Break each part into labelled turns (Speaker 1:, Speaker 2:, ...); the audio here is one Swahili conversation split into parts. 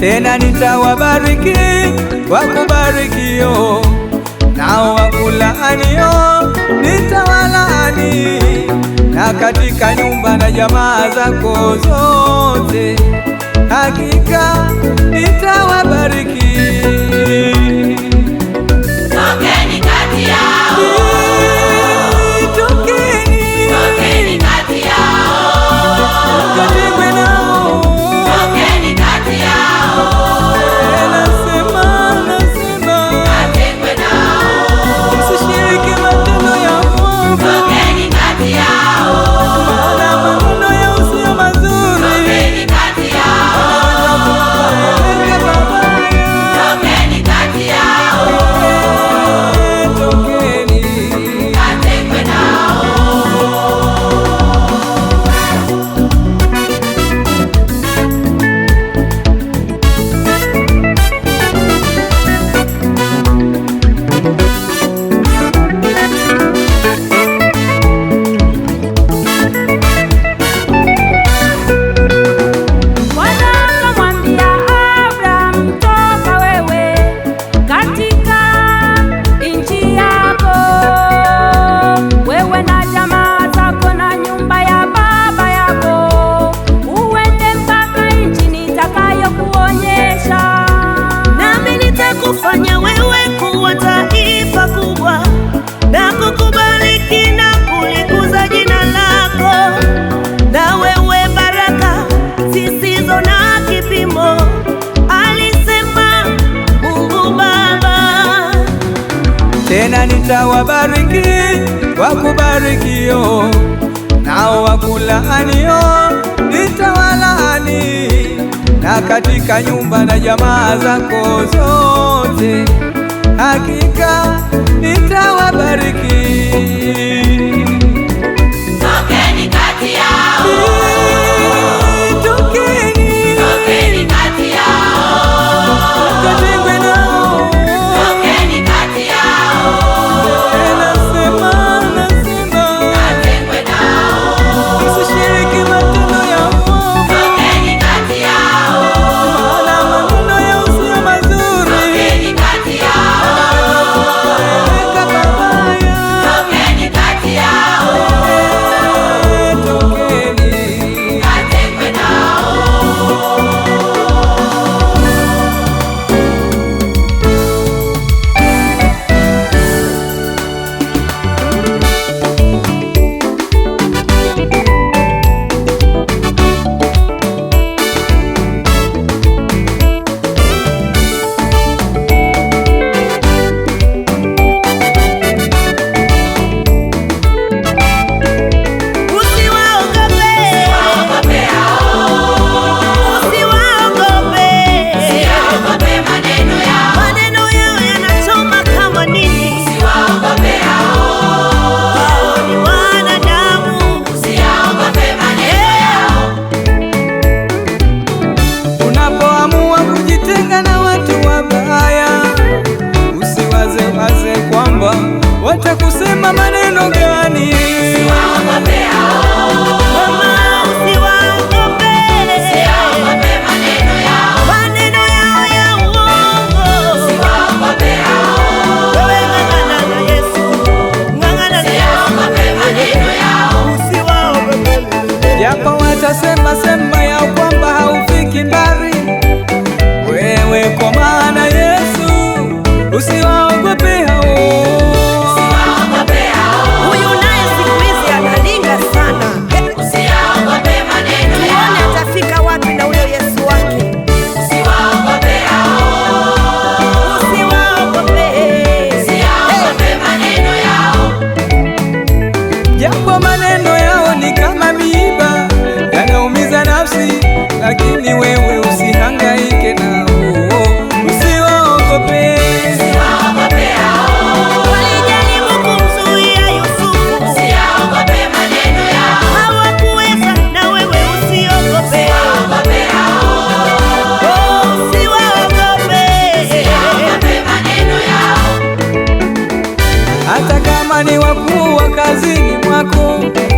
Speaker 1: tena nitawabariki wakubarikio, nao wakulaanio nitawalaani, na katika nyumba na jamaa zako zote hakika nita tena nitawabariki wakubarikio, nao wakulaanio nitawalaani, na katika nyumba na jamaa zako zote hakika nitawabariki.
Speaker 2: Tokeni kati yao.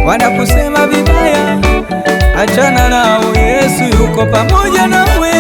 Speaker 1: wanakusema vibaya, achana nao. Yesu yuko pamoja nawe.